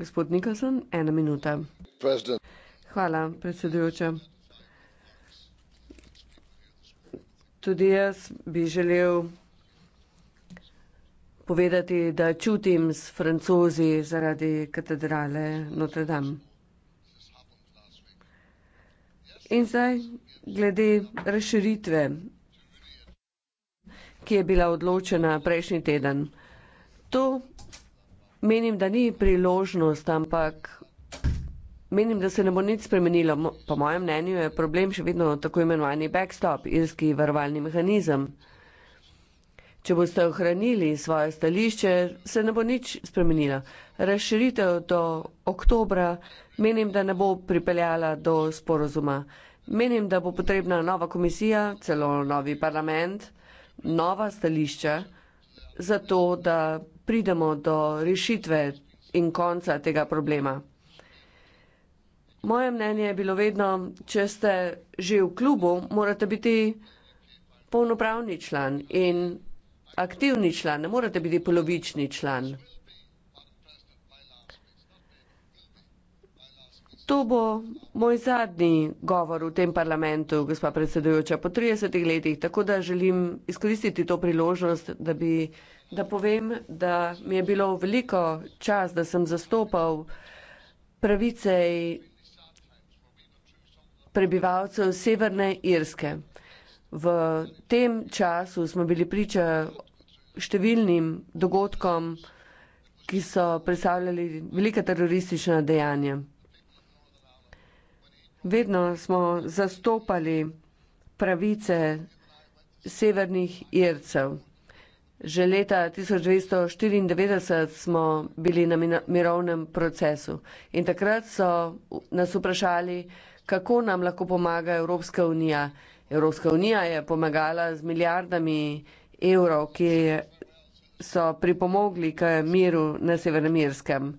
Gospod Nikolson, ena minuta. President. Hvala, predsedujoča. Tudi jaz bi želel povedati, da čutim s francozi zaradi katedrale Notre Dame. In zdaj glede razširitve, ki je bila odločena prejšnji teden. To menim, da ni priložnost, ampak menim, da se ne bo nič spremenilo. Po mojem mnenju je problem še vedno tako imenovani backstop, irski varovalni mehanizem. Če boste ohranili svoje stališče, se ne bo nič spremenilo. Razširitev do oktobra menim, da ne bo pripeljala do sporozuma. Menim, da bo potrebna nova komisija, celo novi parlament, nova stališča, zato da pridemo do rešitve in konca tega problema. Moje mnenje je bilo vedno, če ste že v klubu, morate biti polnopravni član in aktivni član, ne morate biti polovični član. To bo moj zadnji govor v tem parlamentu, gospa predsedujoča, po 30 letih, tako da želim izkoristiti to priložnost, da bi da povem, da mi je bilo veliko čas, da sem zastopal pravice prebivalcev Severne Irske. V tem času smo bili priča številnim dogodkom, ki so predstavljali velika teroristična dejanja. Vedno smo zastopali pravice severnih ircev. Že leta 1994 smo bili na mirovnem procesu in takrat so nas vprašali, kako nam lahko pomaga Evropska unija. Evropska unija je pomagala z milijardami evrov, ki so pripomogli k miru na Severnemirskem.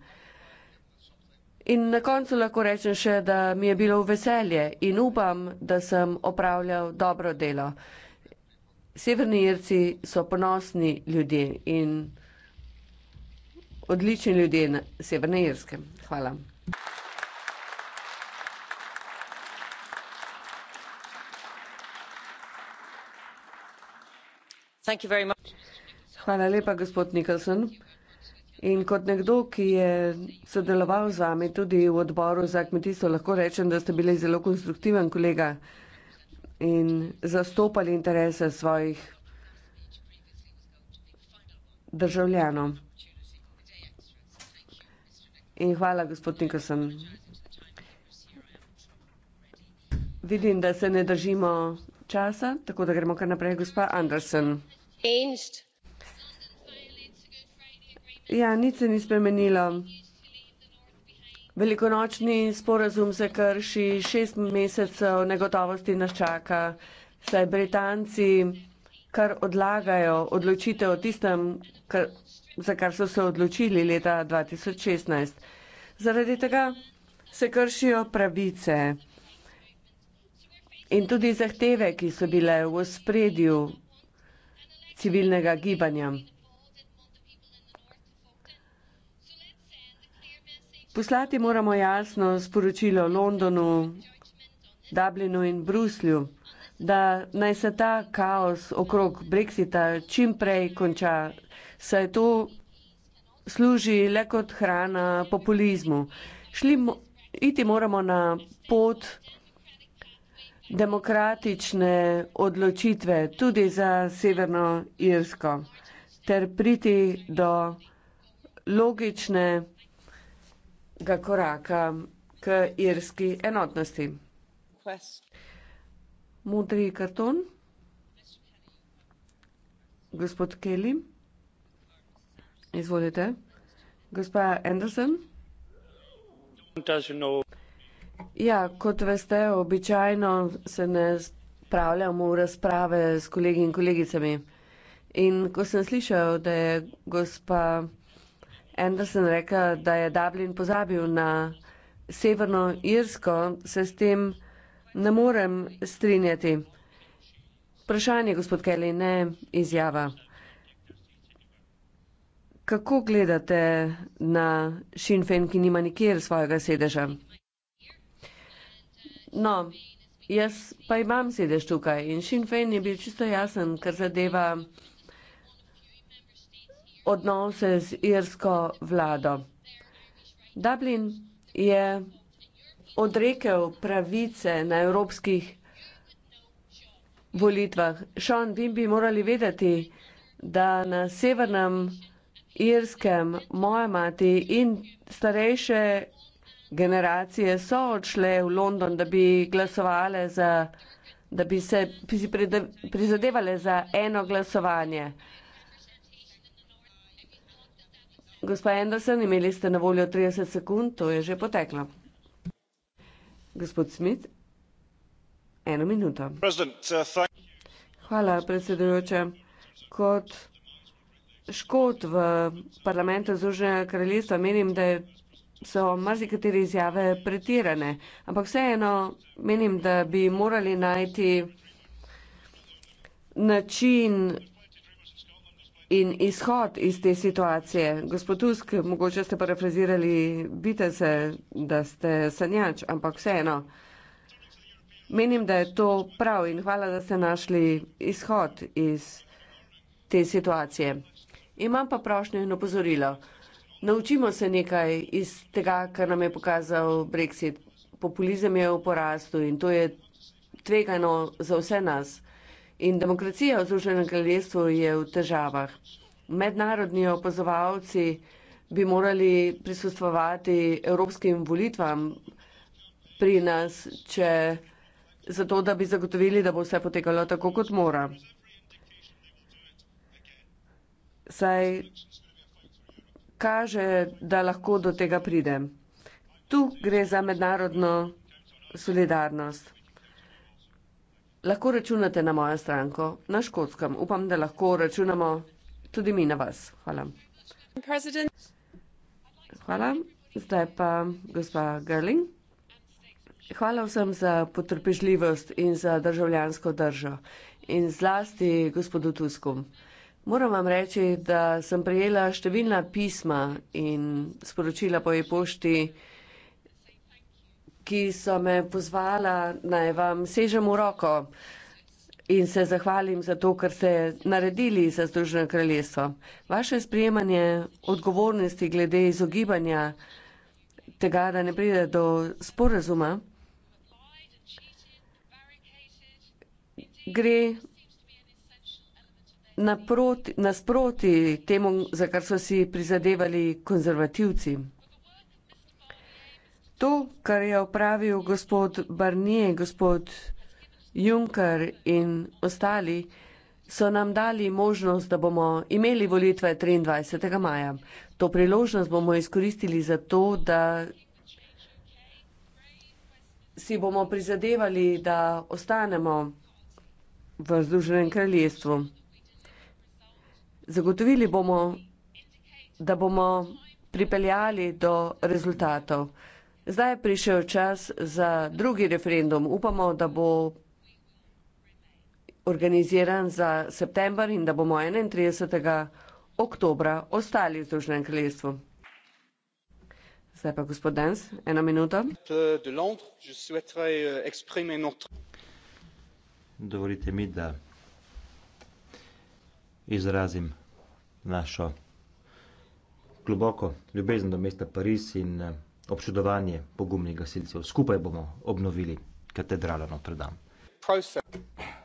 In na koncu lahko rečem še, da mi je bilo veselje in upam, da sem opravljal dobro delo. Severni Irci so ponosni ljudje in odlični ljudje na Severni Irske. Hvala. Hvala lepa, gospod Nikolson. In kot nekdo, ki je sodeloval z vami tudi v odboru za kmetijstvo, lahko rečem, da ste bili zelo konstruktiven kolega in zastopali interese svojih državljanov. In hvala, gospod Nickerson. Vidim, da se ne držimo časa, tako da gremo kar naprej. Gospa Anderson. Ja, nič se ni spremenilo. Velikonočni sporazum se krši, šest mesecev negotovosti nas čaka, saj Britanci kar odlagajo odločitev o tistem, kar, za kar so se odločili leta 2016. Zaradi tega se kršijo pravice in tudi zahteve, ki so bile v spredju civilnega gibanja. Poslati moramo jasno sporočilo Londonu, Dublinu in Bruslju, da naj se ta kaos okrog Brexita čim prej konča, saj to služi le kot hrana populizmu. Šli mo iti moramo na pot demokratične odločitve tudi za Severno Irsko ter priti do logične ga koraka k irski enotnosti. Modri karton. Gospod Kelly. Izvolite. Gospa Anderson. Ja, kot veste, običajno se ne spravljamo v razprave s kolegi in kolegicami. In ko sem slišal, da je gospa Anderson reka, da je Dublin pozabil na Severno Irsko, se s tem ne morem strinjati. Vprašanje, gospod Kelly, ne izjava. Kako gledate na Sinn Féin, ki nima nikjer svojega sedeža? No, jaz pa imam sedež tukaj in Sinn Féin je bil čisto jasen, kar zadeva odnose z irsko vlado. Dublin je odrekel pravice na evropskih volitvah. Sean, vi bi morali vedeti, da na severnem Irskem moja mati in starejše generacije so odšle v London, da bi glasovale za, da bi se prizadevale za eno glasovanje. Gospa Anderson, imeli ste na voljo 30 sekund, to je že poteklo. Gospod Smith, eno minuto. Uh, Hvala, predsedujoče. Kot škot v parlamentu Združenega kraljestva menim, da je so marsikateri izjave pretirane, ampak vseeno menim, da bi morali najti način in izhod iz te situacije. Gospod Tusk, mogoče ste parafrazirali, bite se, da ste sanjač, ampak vseeno. Menim, da je to prav in hvala, da ste našli izhod iz te situacije. Imam pa prošnjo in opozorilo. Naučimo se nekaj iz tega, kar nam je pokazal Brexit. Populizem je v porastu in to je tvegano za vse nas. In demokracija v Združenem kraljestvu je v težavah. Mednarodni opazovalci bi morali prisustvovati evropskim volitvam pri nas, če zato, da bi zagotovili, da bo vse potekalo tako, kot mora. Saj kaže, da lahko do tega pride. Tu gre za mednarodno solidarnost lahko računate na mojo stranko na Škotskem. Upam, da lahko računamo tudi mi na vas. Hvala. Hvala. Zdaj pa gospa Gerling. Hvala vsem za potrpežljivost in za državljansko držo. In zlasti gospodu Tusku. Moram vam reči, da sem prejela številna pisma in sporočila po e-pošti ki so me pozvala, naj vam sežem v roko in se zahvalim za to, kar ste naredili za Združeno kraljestvo. Vaše sprejemanje odgovornosti glede izogibanja tega, da ne pride do sporazuma, gre naproti, nasproti temu, za kar so si prizadevali konzervativci. To, kar je opravil gospod Barnier, gospod Juncker in ostali, so nam dali možnost, da bomo imeli volitve 23. maja. To priložnost bomo izkoristili za to, da si bomo prizadevali, da ostanemo v Združenem kraljestvu. Zagotovili bomo, da bomo pripeljali do rezultatov. Zdaj je prišel čas za drugi referendum. Upamo, da bo organiziran za september in da bomo 31. oktobra ostali v Združenem kraljestvu. Zdaj pa gospod Dens, ena minuta. Euh, Dovolite mi, da izrazim našo globoko ljubezen do mesta Pariz in občudovanje pogumnih gasilcev. Skupaj bomo obnovili katedralo Notre Dame.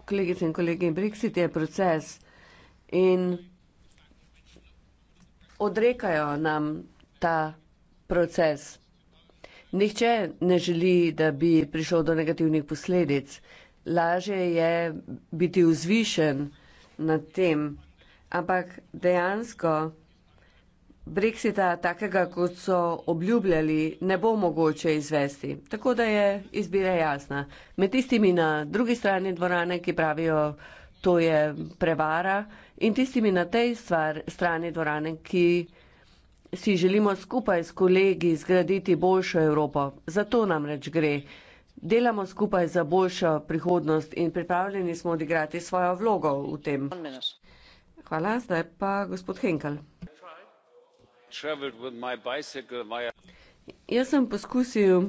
Kolegice in kolegi, Brexit je proces in odrekajo nam ta proces. Nihče ne želi, da bi prišlo do negativnih posledic. Laže je biti vzvišen nad tem, ampak dejansko Brexita, takega kot so obljubljali, ne bo mogoče izvesti. Tako da je izbira jasna. Med tistimi na drugi strani dvorane, ki pravijo, to je prevara, in tistimi na tej stvar, strani dvorane, ki si želimo skupaj s kolegi zgraditi boljšo Evropo. Zato nam reč gre. Delamo skupaj za boljšo prihodnost in pripravljeni smo odigrati svojo vlogo v tem. Hvala, zdaj pa gospod Henkel. Jaz sem poskusil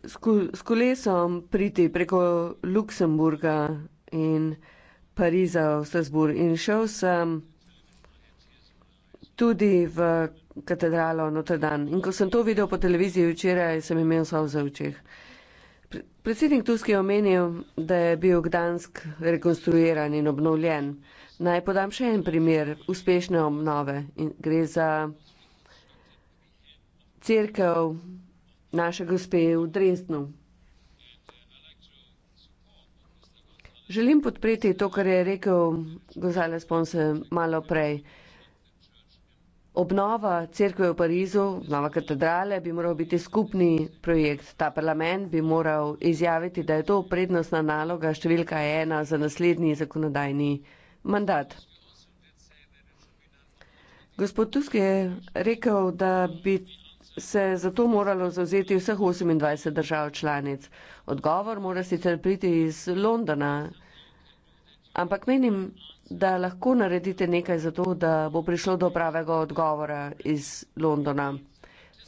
s, s kolesom priti preko Luksemburga in Pariza v Strasbourg in šel sem tudi v katedralo Notre Dame. In ko sem to videl po televiziji včeraj, sem imel sol za očeh. Predsednik Tusk je omenil, da je bil Gdansk rekonstruiran in obnovljen. Naj podam še en primer uspešne obnove. Gre za crkv naše gospe v Dresdnu. Želim podpreti to, kar je rekel Gonzales Ponce malo prej. Obnova crkve v Parizu, obnova katedrale bi moral biti skupni projekt. Ta parlament bi moral izjaviti, da je to prednostna naloga številka ena za naslednji zakonodajni projekt mandat. Gospod Tusk je rekel, da bi se zato moralo zauzeti vseh 28 držav članic. Odgovor mora sicer priti iz Londona, ampak menim, da lahko naredite nekaj za to, da bo prišlo do pravega odgovora iz Londona.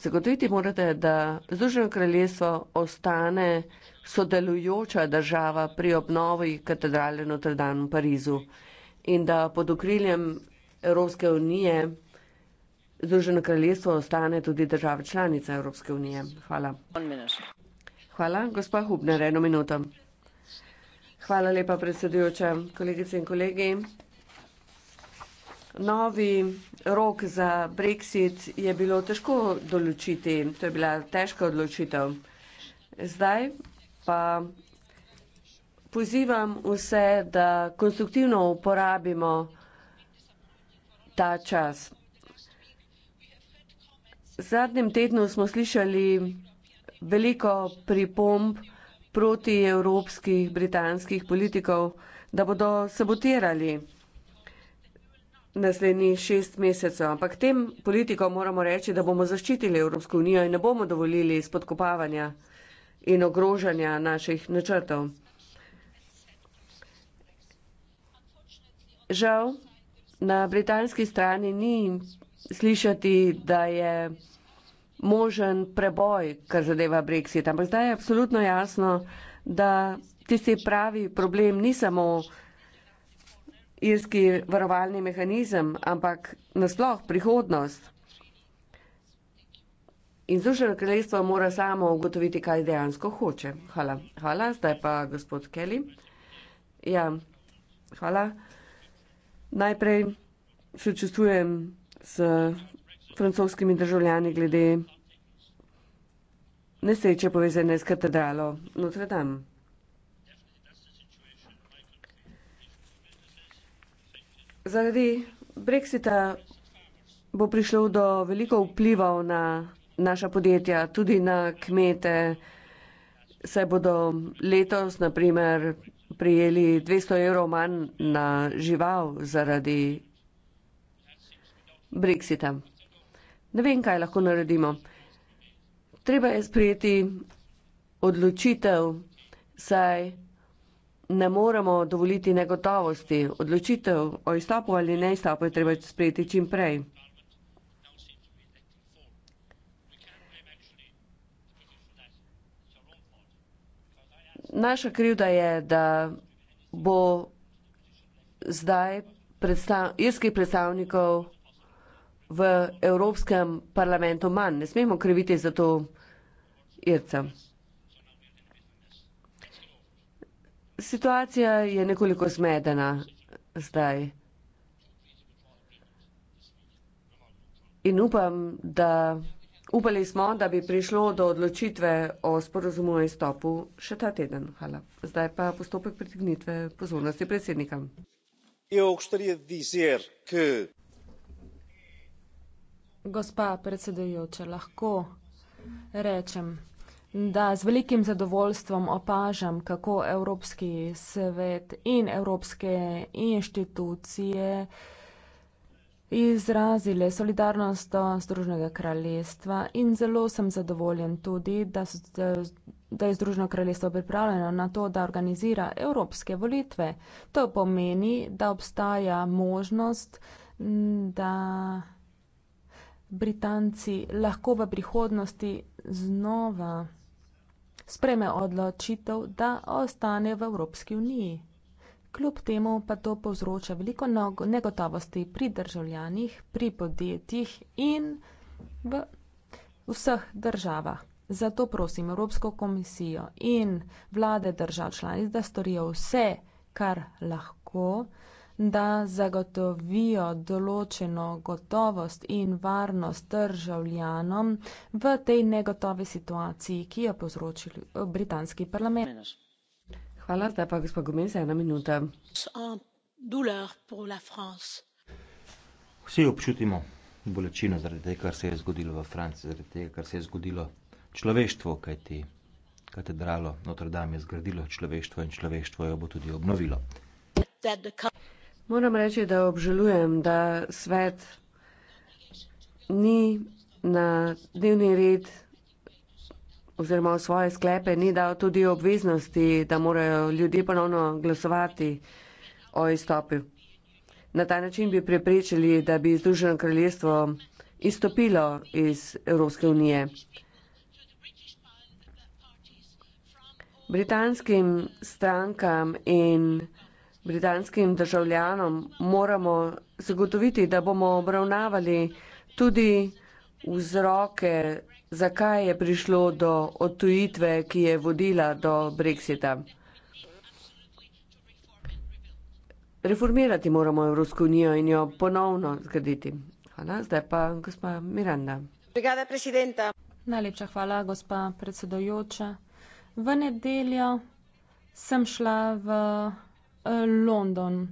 Zagotoviti morate, da Združeno kraljestvo ostane sodelujoča država pri obnovi katedrale Notre Dame v Parizu in da pod okriljem Evropske unije Združeno kraljestvo ostane tudi država članica Evropske unije. Hvala. Hvala, gospa Hubner, eno minuto. Hvala lepa, predsedujoča, kolegice in kolegi. Novi rok za Brexit je bilo težko določiti, to je bila težka odločitev. Zdaj pa pozivam vse, da konstruktivno uporabimo ta čas. V zadnjem tednu smo slišali veliko pripomb proti evropskih britanskih politikov, da bodo sabotirali naslednji šest mesecev. Ampak tem politikom moramo reči, da bomo zaščitili Evropsko unijo in ne bomo dovolili spodkopavanja in ogrožanja naših načrtov. žal na britanski strani ni slišati, da je možen preboj, kar zadeva Brexit. Ampak zdaj je absolutno jasno, da tisti pravi problem ni samo irski varovalni mehanizem, ampak nasploh prihodnost. In Združeno kraljestvo mora samo ugotoviti, kaj dejansko hoče. Hvala. Hvala. Zdaj pa gospod Kelly. Ja, hvala. Najprej sočustvujem s francoskimi državljani glede nesreče povezane s katedralo Notre Dame. Zaradi brexita bo prišlo do veliko vplivov na naša podjetja, tudi na kmete, saj bodo letos, na primer, prijeli 200 evrov manj na žival zaradi Brexita. Ne vem, kaj lahko naredimo. Treba je sprijeti odločitev, saj ne moremo dovoliti negotovosti. Odločitev o izstopu ali ne izstopu je treba sprijeti čim prej. naša krivda je, da bo zdaj predstav, irskih predstavnikov v Evropskem parlamentu manj. Ne smemo kriviti za to Ircem. Situacija je nekoliko zmedena zdaj. In upam, da. Upali smo, da bi prišlo do odločitve o sporozumu o izstopu še ta teden. Hvala. Zdaj pa postopek pritegnitve pozornosti predsednika. Gospa predsedujoča, lahko rečem, da z velikim zadovoljstvom opažam, kako Evropski svet in evropske inštitucije izrazili solidarnost do Združnega kraljestva in zelo sem zadovoljen tudi, da, so, da je Združno kraljestvo pripravljeno na to, da organizira evropske volitve. To pomeni, da obstaja možnost, da Britanci lahko v prihodnosti znova spreme odločitev, da ostane v Evropski uniji. Kljub temu pa to povzroča veliko negotovosti pri državljanih, pri podjetjih in v vseh državah. Zato prosim Evropsko komisijo in vlade držav članic, da storijo vse, kar lahko, da zagotovijo določeno gotovost in varnost državljanom v tej negotovi situaciji, ki jo povzročil britanski parlament. Menos. Hvala, zdaj pa gospa Gomez, ena minuta. Vsi občutimo bolečino zaradi tega, kar se je zgodilo v Franciji, zaradi tega, kar se je zgodilo človeštvo, kajti katedralo Notre Dame je zgradilo človeštvo in človeštvo jo bo tudi obnovilo. Moram reči, da obžalujem, da svet ni na dnevni red oziroma v svoje sklepe ni dal tudi obveznosti, da morajo ljudje ponovno glasovati o izstopu. Na ta način bi preprečili, da bi Združeno kraljestvo izstopilo iz Evropske unije. Britanskim strankam in britanskim državljanom moramo zagotoviti, da bomo obravnavali tudi vzroke zakaj je prišlo do odtujitve, ki je vodila do brexita. Reformirati moramo Evropsko unijo in jo ponovno zgraditi. Hvala, zdaj pa gospa Miranda. Najlepša hvala, gospa predsedojoča. V nedeljo sem šla v eh, London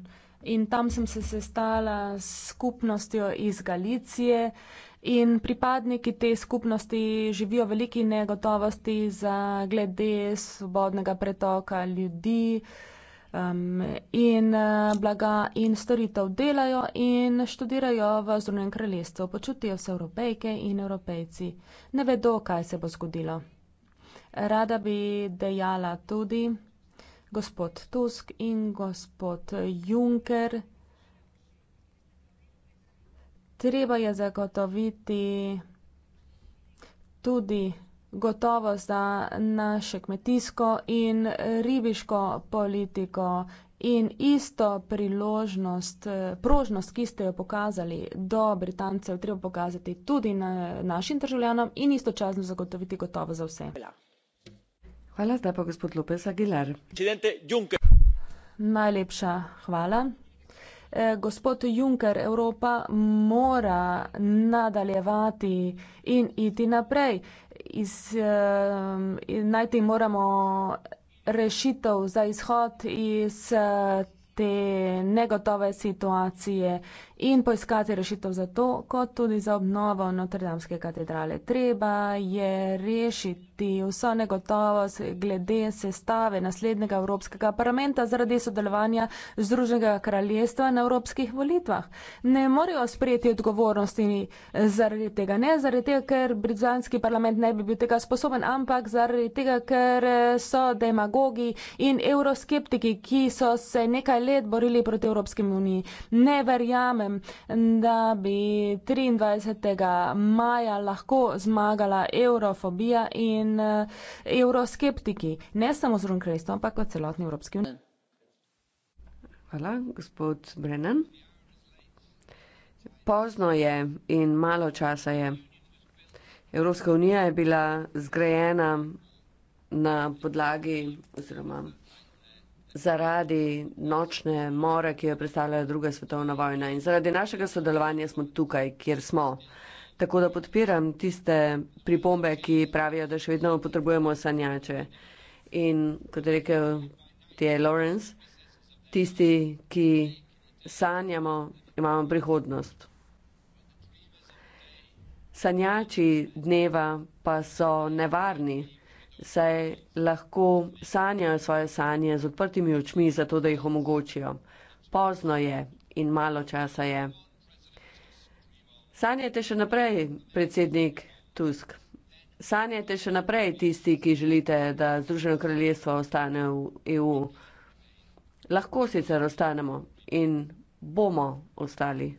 in tam sem se sestala s skupnostjo iz Galicije in pripadniki te skupnosti živijo v veliki negotovosti za glede svobodnega pretoka ljudi um, in uh, blaga in storitev delajo in študirajo v zunanjem kraljestvu. Počutijo se evropejke in evropejci. Ne vedo, kaj se bo zgodilo. Rada bi dejala tudi gospod Tusk in gospod Juncker treba je zagotoviti tudi gotovost za naše kmetijsko in ribiško politiko in isto priložnost, prožnost, ki ste jo pokazali do Britancev, treba pokazati tudi na našim državljanom in istočasno zagotoviti gotovo za vse. Hvala zdaj pa gospod Lopez Aguilar. Najlepša hvala eh, gospod Juncker, Evropa mora nadaljevati in iti naprej. Iz, eh, najti moramo rešitev za izhod iz eh, te negotove situacije. Eh, in poiskati rešitev za to, kot tudi za obnovo Notrdamske katedrale. Treba je rešiti vso negotovost glede sestave naslednjega Evropskega parlamenta zaradi sodelovanja Združenega kraljestva na evropskih volitvah. Ne morejo sprejeti odgovornosti zaradi tega, ne zaradi tega, ker britanski parlament ne bi bil tega sposoben, ampak zaradi tega, ker so demagogi in euroskeptiki, ki so se nekaj let borili proti Evropski uniji. Ne verjamem, sem, da bi 23. maja lahko zmagala eurofobija in eh, euroskeptiki, ne samo z Runkrejstvom, ampak v celotni Evropski uniji. Hvala, gospod Brennan. Pozno je in malo časa je. Evropska unija je bila zgrajena na podlagi oziroma zaradi nočne more, ki jo predstavljala druga svetovna vojna in zaradi našega sodelovanja smo tukaj, kjer smo. Tako da podpiram tiste pripombe, ki pravijo, da še vedno potrebujemo sanjače. In kot je rekel ti je Lawrence, tisti, ki sanjamo, imamo prihodnost. Sanjači dneva pa so nevarni saj lahko sanjajo svoje sanje z odprtimi očmi, zato da jih omogočijo. Pozno je in malo časa je. Sanjajte še naprej, predsednik Tusk. Sanjajte še naprej tisti, ki želite, da Združeno kraljestvo ostane v EU. Lahko sicer ostanemo in bomo ostali.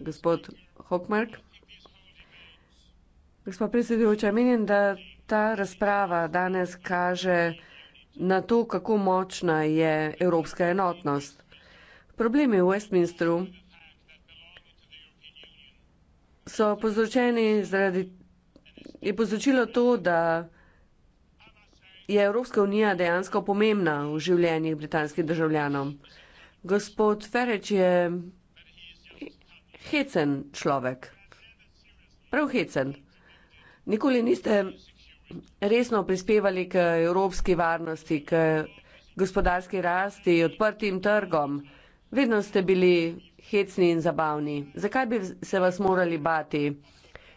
Gospod Hockmark. Gospa predsedujoča, menim, da ta razprava danes kaže na to, kako močna je evropska enotnost. Problemi v Westminstru so povzročeni zaradi, je povzročilo to, da je Evropska unija dejansko pomembna v življenjih britanskih državljanov. Gospod Ferreč je hecen človek, prav hecen. Nikoli niste resno prispevali k evropski varnosti, k gospodarski rasti, odprtim trgom. Vedno ste bili hecni in zabavni. Zakaj bi se vas morali bati?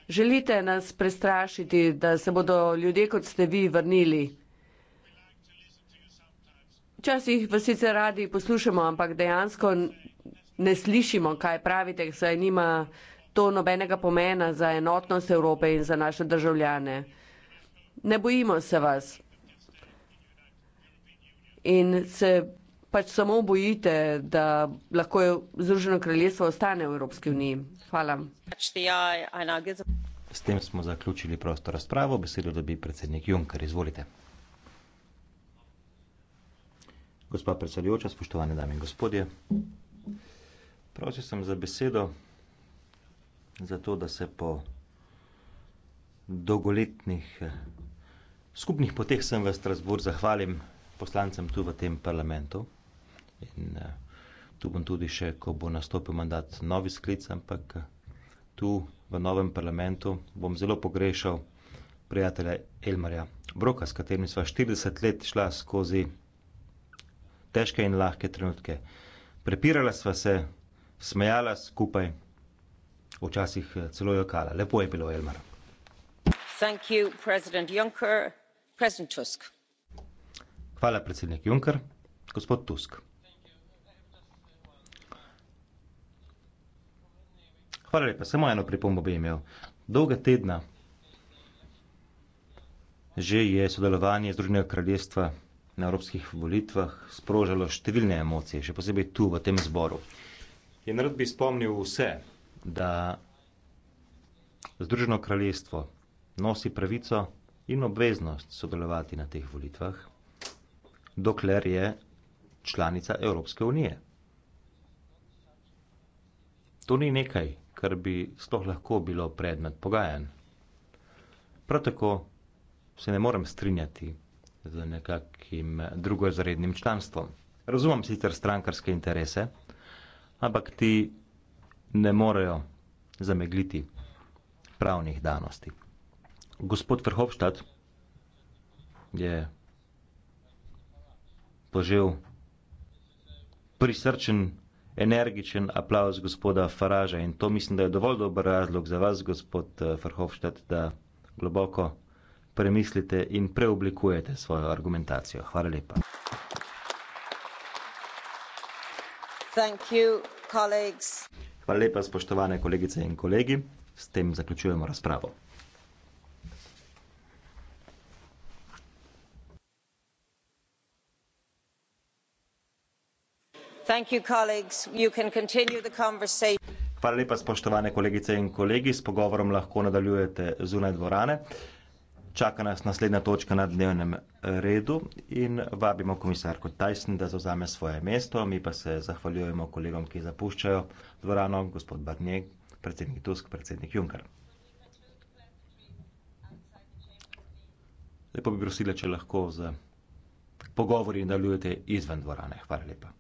Želite nas prestrašiti, da se bodo ljudje, kot ste vi, vrnili? Včasih vas sicer radi poslušamo, ampak dejansko ne slišimo, kaj pravite, saj nima to nobenega pomena za enotnost Evrope in za naše državljane. Ne bojimo se vas. In se pač samo bojite, da lahko Združeno kraljestvo ostane v Evropski uniji. Hvala. S tem smo zaključili prosto razpravo. Besedo dobi predsednik Juncker. Izvolite. Gospa predsedujoča, spoštovane dame in gospodje. Prosil sem za besedo zato da se po dolgoletnih eh, skupnih poteh sem v Strasbourg zahvalim poslancem tu v tem parlamentu. In eh, tu bom tudi še, ko bo nastopil mandat novi sklic, ampak eh, tu v novem parlamentu bom zelo pogrešal prijatelja Elmarja Broka, s katerim sva 40 let šla skozi težke in lahke trenutke. Prepirala sva se, smejala skupaj, včasih eh, celo jokala. Lepo je bilo, Elmar. Hvala, predsednik Juncker. Gospod Tusk. Hvala lepa. Samo eno pripombo bi imel. Dolga tedna že je sodelovanje Združenega kraljestva na evropskih volitvah sprožalo številne emocije, še posebej tu v tem zboru. In rad bi spomnil vse, da Združeno kraljestvo nosi pravico in obveznost sodelovati na teh volitvah, dokler je članica Evropske unije. To ni nekaj, kar bi sploh lahko bilo predmet pogajanj. Prav tako se ne morem strinjati z nekakim drugozrednim članstvom. Razumem sicer strankarske interese, ampak ti ne morejo zamegliti pravnih danosti. Gospod Verhofstadt je požel prisrčen, energičen aplavz gospoda Faraža in to mislim, da je dovolj dober razlog za vas, gospod eh, Verhofstadt, da globoko premislite in preoblikujete svojo argumentacijo. Hvala lepa. Thank you, colleagues. Hvala lepa, spoštovane kolegice in kolegi. S tem zaključujemo razpravo. Hvala lepa, spoštovane kolegice in kolegi. S pogovorom lahko nadaljujete zunaj dvorane čaka nas naslednja točka na dnevnem redu in vabimo komisarko Tyson, da zauzame svoje mesto. Mi pa se zahvaljujemo kolegom, ki zapuščajo dvorano, gospod Barnjeg, predsednik Tusk, predsednik Juncker. Lepo bi prosila, če lahko z pogovori nadaljujete izven dvorane. Hvala lepa.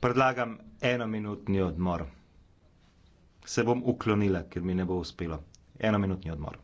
predlagam enominutni odmor se bom uklonila ker mi ne bo uspelo enominutni odmor.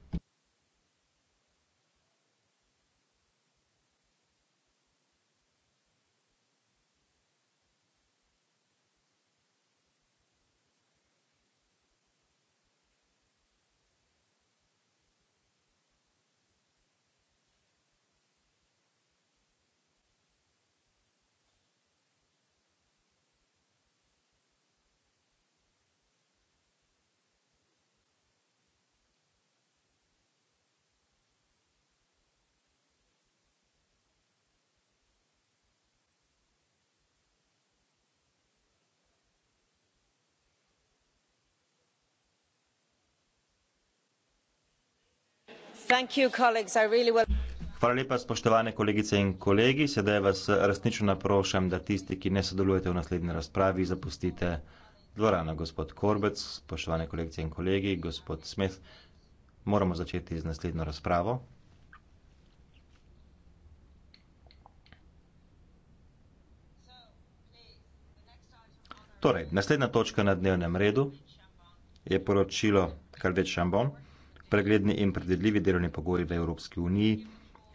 Hvala lepa, spoštovane kolegice in kolegi. Sedaj vas resnično naprošam, da tisti, ki ne sodelujete v naslednji razpravi, zapustite dvorano. Gospod Korbec, spoštovane kolegice in kolegi, gospod Smith, moramo začeti z naslednjo razpravo. Torej, naslednja točka na dnevnem redu je poročilo Kaldet Šambon pregledni in predvidljivi delovni pogoji v Evropski uniji.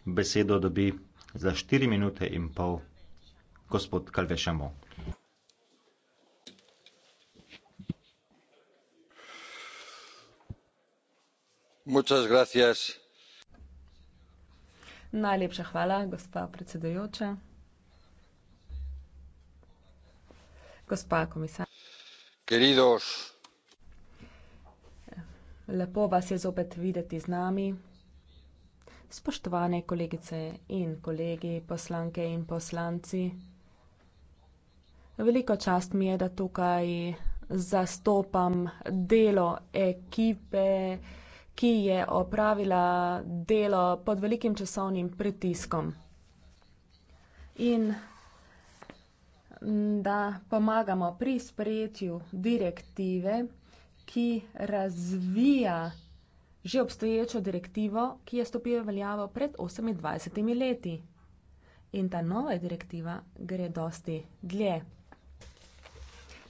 Besedo dobi za 4 minute in pol gospod Kalvešamo. Muchas gracias. Najlepša hvala, gospa predsedujoča. Gospa komisar. Queridos Lepo vas je zopet videti z nami. Spoštovane kolegice in kolegi, poslanke in poslanci. Veliko čast mi je, da tukaj zastopam delo ekipe, ki je opravila delo pod velikim časovnim pritiskom. In da pomagamo pri sprejetju direktive, ki razvija že obstoječo direktivo, ki je stopila v veljavo pred 28 leti. In ta nova direktiva gre dosti dlje.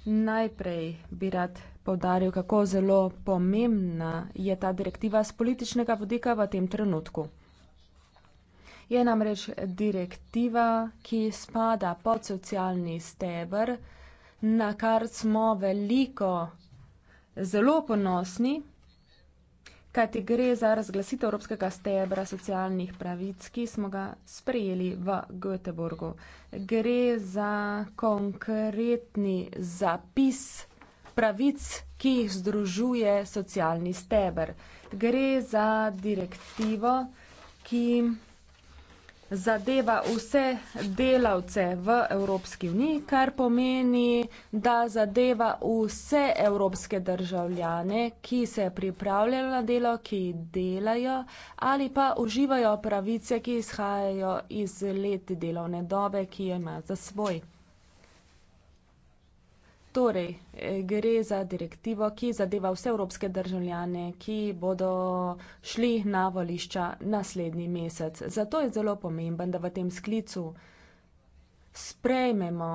Najprej bi rad povdaril, kako zelo pomembna je ta direktiva z političnega vodika v tem trenutku. Je namreč direktiva, ki spada pod socialni stebr, na kar smo veliko zelo ponosni, kaj ti gre za razglasitev Evropskega stebra socialnih pravic, ki smo ga sprejeli v Göteborgu. Gre za konkretni zapis pravic, ki jih združuje socialni steber. Gre za direktivo, ki zadeva vse delavce v Evropski uniji, kar pomeni, da zadeva vse evropske državljane, ki se pripravljajo na delo, ki delajo ali pa uživajo pravice, ki izhajajo iz let delovne dobe, ki jo ima za svoj. Torej, eh, gre za direktivo, ki zadeva vse evropske državljane, ki bodo šli na volišča naslednji mesec. Zato je zelo pomemben, da v tem sklicu sprejmemo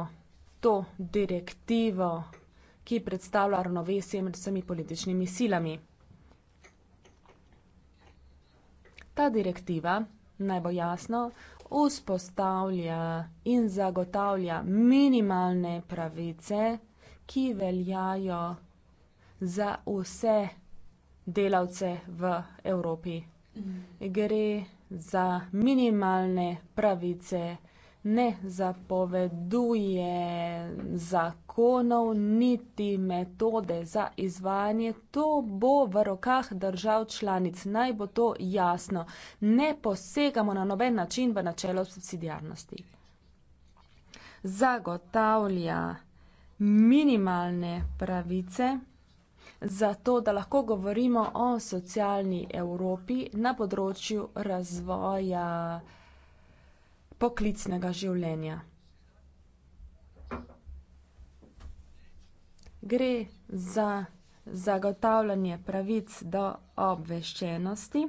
to direktivo, ki predstavlja ravnovesje med vsemi političnimi silami. Ta direktiva, naj bo jasno, vzpostavlja in zagotavlja minimalne pravice, ki veljajo za vse delavce v Evropi. Mhm. Gre za minimalne pravice, ne zapoveduje zakonov, niti metode za izvajanje. To bo v rokah držav članic, naj bo to jasno. Ne posegamo na noben način v načelo subsidijarnosti. Zagotavlja minimalne pravice, zato da lahko govorimo o socialni Evropi na področju razvoja poklicnega življenja. Gre za zagotavljanje pravic do obveščenosti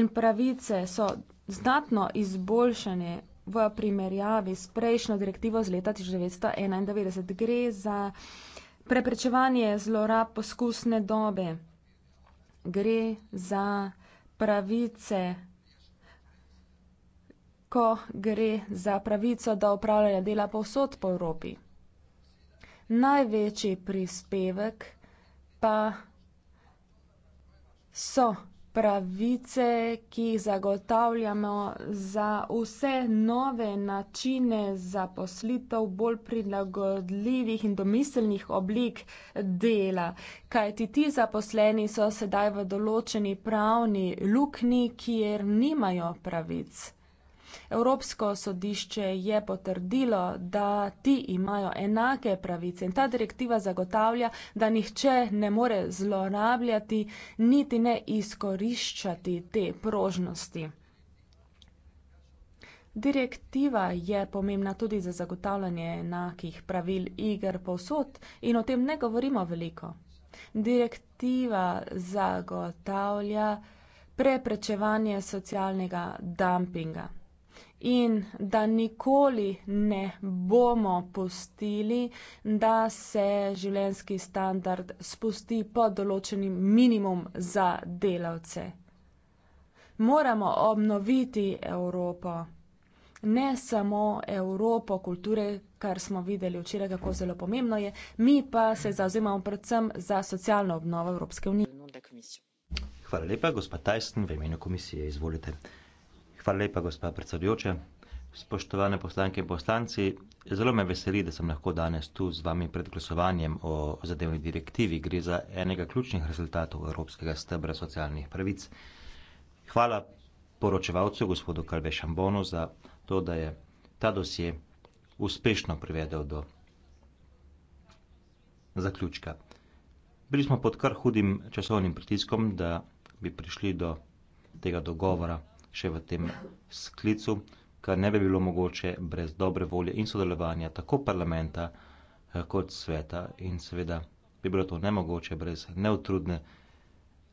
in pravice so znatno izboljšane v primerjavi s prejšnjo direktivo z leta 1991. Gre za preprečevanje zlorab poskusne dobe, gre za pravice, ko gre za pravico do upravljanja dela povsod po Evropi. Največji prispevek pa so pravice, ki jih zagotavljamo za vse nove načine zaposlitev bolj prilagodljivih in domiselnih oblik dela. Kaj ti ti zaposleni so sedaj v določeni pravni lukni, kjer nimajo pravic? Evropsko sodišče je potrdilo, da ti imajo enake pravice in ta direktiva zagotavlja, da nihče ne more zlorabljati, niti ne izkoriščati te prožnosti. Direktiva je pomembna tudi za zagotavljanje enakih pravil igr povsod in o tem ne govorimo veliko. Direktiva zagotavlja preprečevanje socialnega dumpinga in da nikoli ne bomo pustili, da se življenski standard spusti pod določenim minimum za delavce. Moramo obnoviti Evropo. Ne samo Evropo kulture, kar smo videli včeraj, kako zelo pomembno je, mi pa se zauzemamo predvsem za socialno obnovo Evropske unije. Hvala lepa, gospod Tyson, v imenu komisije izvolite. Hvala lepa, gospa predsedujoča. Spoštovane poslanke in poslanci, zelo me veseli, da sem lahko danes tu z vami pred glasovanjem o zadevni direktivi. Gre za enega ključnih rezultatov Evropskega stebra socialnih pravic. Hvala poročevalcu, gospodu Kalve Šambonu, za to, da je ta dosje uspešno privedel do zaključka. Bili smo pod kar hudim časovnim pritiskom, da bi prišli do tega dogovora še v tem sklicu, kar ne bi bilo mogoče brez dobre volje in sodelovanja tako parlamenta eh, kot sveta in seveda bi bilo to nemogoče brez neutrudne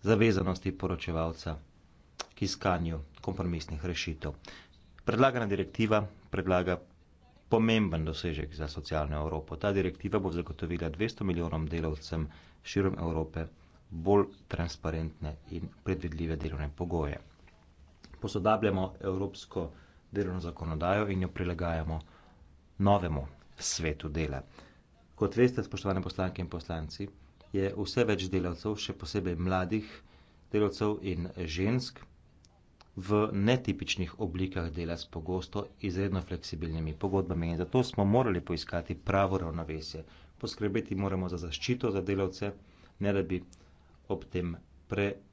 zavezanosti poročevalca k iskanju kompromisnih rešitev. Predlagana direktiva predlaga pomemben dosežek za socialno Evropo. Ta direktiva bo zagotovila 200 milijonom delavcem širom Evrope bolj transparentne in predvidljive delovne pogoje posodabljamo evropsko delovno zakonodajo in jo prilagajamo novemu svetu dela. Kot veste, spoštovane poslanke in poslanci, je vse več delavcev, še posebej mladih delavcev in žensk, v netipičnih oblikah dela s pogosto izredno fleksibilnimi pogodbami in zato smo morali poiskati pravo ravnovesje. Poskrbeti moramo za zaščito za delavce, ne da bi ob tem preveč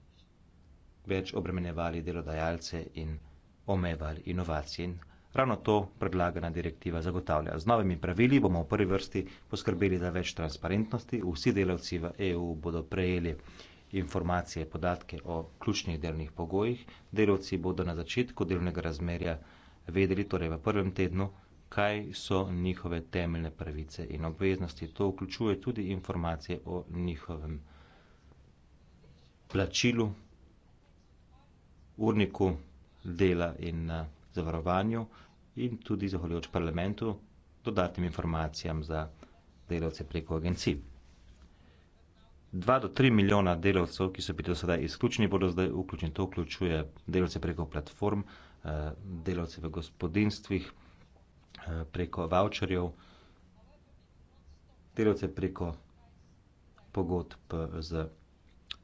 več obremenjevali delodajalce in omejevali inovacije. In ravno to predlagana direktiva zagotavlja. Z novimi pravili bomo v prvi vrsti poskrbeli za več transparentnosti. Vsi delavci v EU bodo prejeli informacije, podatke o ključnih delovnih pogojih. Delavci bodo na začetku delovnega razmerja vedeli, torej v prvem tednu, kaj so njihove temeljne pravice in obveznosti. To vključuje tudi informacije o njihovem plačilu, urniku dela in eh, zavarovanju in tudi zahvaljujoč parlamentu dodatnim informacijam za delavce preko agencij. 2 do 3 milijona delavcev, ki so bili do sedaj izključeni, bodo zdaj vključeni. To vključuje delavce preko platform, eh, delavce v gospodinstvih, eh, preko voucherjev, delavce preko pogodb z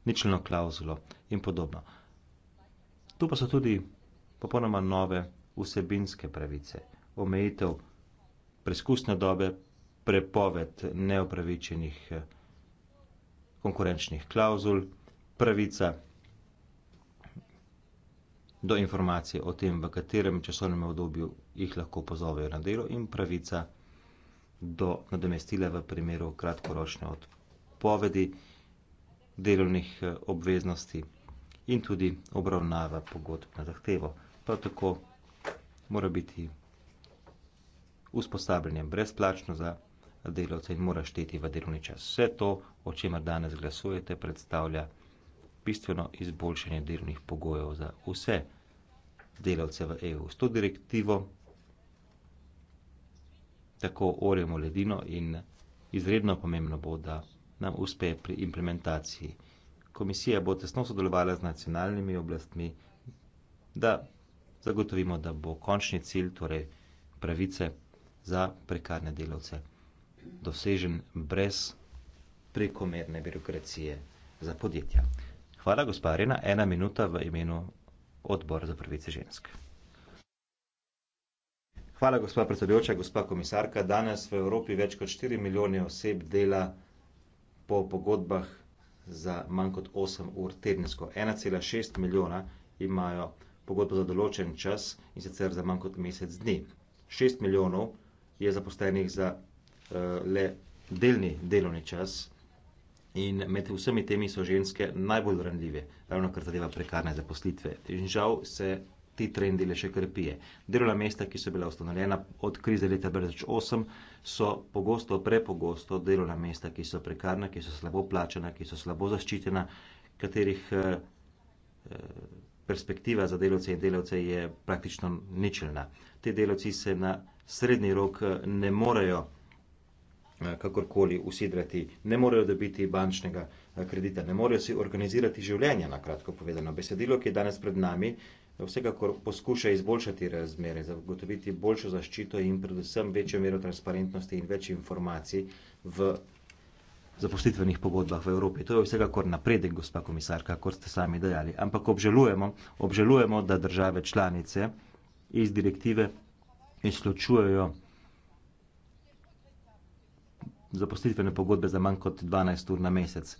ničelno klauzulo in podobno. Tu pa so tudi popolnoma nove vsebinske pravice. Omejitev preizkusne dobe, prepoved neopravičenih eh, konkurenčnih klauzul, pravica do informacije o tem, v katerem časovnem obdobju jih lahko pozovejo na delo in pravica do nadomestila v primeru kratkoročne odpovedi delovnih eh, obveznosti in tudi obravnava pogodb na zahtevo. Prav tako mora biti usposabljanje brezplačno za delavce in mora šteti v delovni čas. Vse to, o čemer danes glasujete, predstavlja bistveno izboljšanje delovnih pogojev za vse delavce v EU. S to direktivo tako orjemo ledino in izredno pomembno bo, da nam uspe pri implementaciji. Komisija bo tesno sodelovala z nacionalnimi oblastmi, da zagotovimo, da bo končni cilj, torej pravice za prekarne delavce, dosežen brez prekomerne birokracije za podjetja. Hvala, gospa Arena. Ena minuta v imenu odbora za pravice žensk. Hvala, gospa predsedujoča, gospa komisarka. Danes v Evropi več kot 4 milijone oseb dela po pogodbah za manj kot 8 ur tedensko. 1,6 milijona imajo pogodbo za določen čas in sicer za manj kot mesec dni. 6 milijonov je zaposlenih za uh, le delni delovni čas in med vsemi temi so ženske najbolj ranljive, ravno kar zadeva prekarne zaposlitve. In žal se ti trendi le še krpije. Delovna mesta, ki so bila ustanovljena od krize leta 2008, so pogosto, prepogosto delovna mesta, ki so prekarna, ki so slabo plačena, ki so slabo zaščitena, katerih eh, eh perspektiva za delovce in delovce je praktično ničelna. Ti delovci se na srednji rok eh, ne morejo eh, kakorkoli usidrati, ne morejo dobiti bančnega eh, kredita, ne morejo si organizirati življenja, na kratko povedano. Besedilo, ki je danes pred nami, vsekakor poskuša izboljšati razmere, zagotoviti boljšo zaščito in predvsem večjo mero transparentnosti in več informacij v zaposlitvenih pogodbah v Evropi. To je vsekakor napredek, gospa komisarka, kot ste sami dejali. Ampak obžalujemo, obžalujemo, da države članice iz direktive izključujejo zaposlitvene pogodbe za manj kot 12 ur na mesec.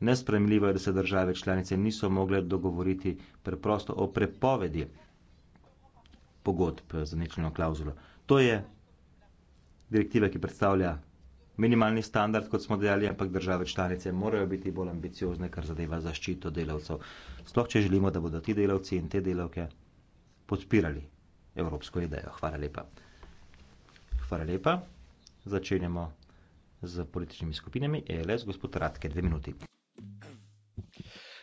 Nespremljivo je, da se države članice niso mogle dogovoriti preprosto o prepovedi pogodb za nečljeno klauzulo. To je direktiva, ki predstavlja minimalni standard, kot smo dejali, ampak države članice morajo biti bolj ambiciozne, kar zadeva zaščito delavcev. Sploh, če želimo, da bodo ti delavci in te delavke podpirali evropsko idejo. Hvala lepa. Hvala lepa. Začenjamo z političnimi skupinami. ELS, gospod Radke, dve minuti.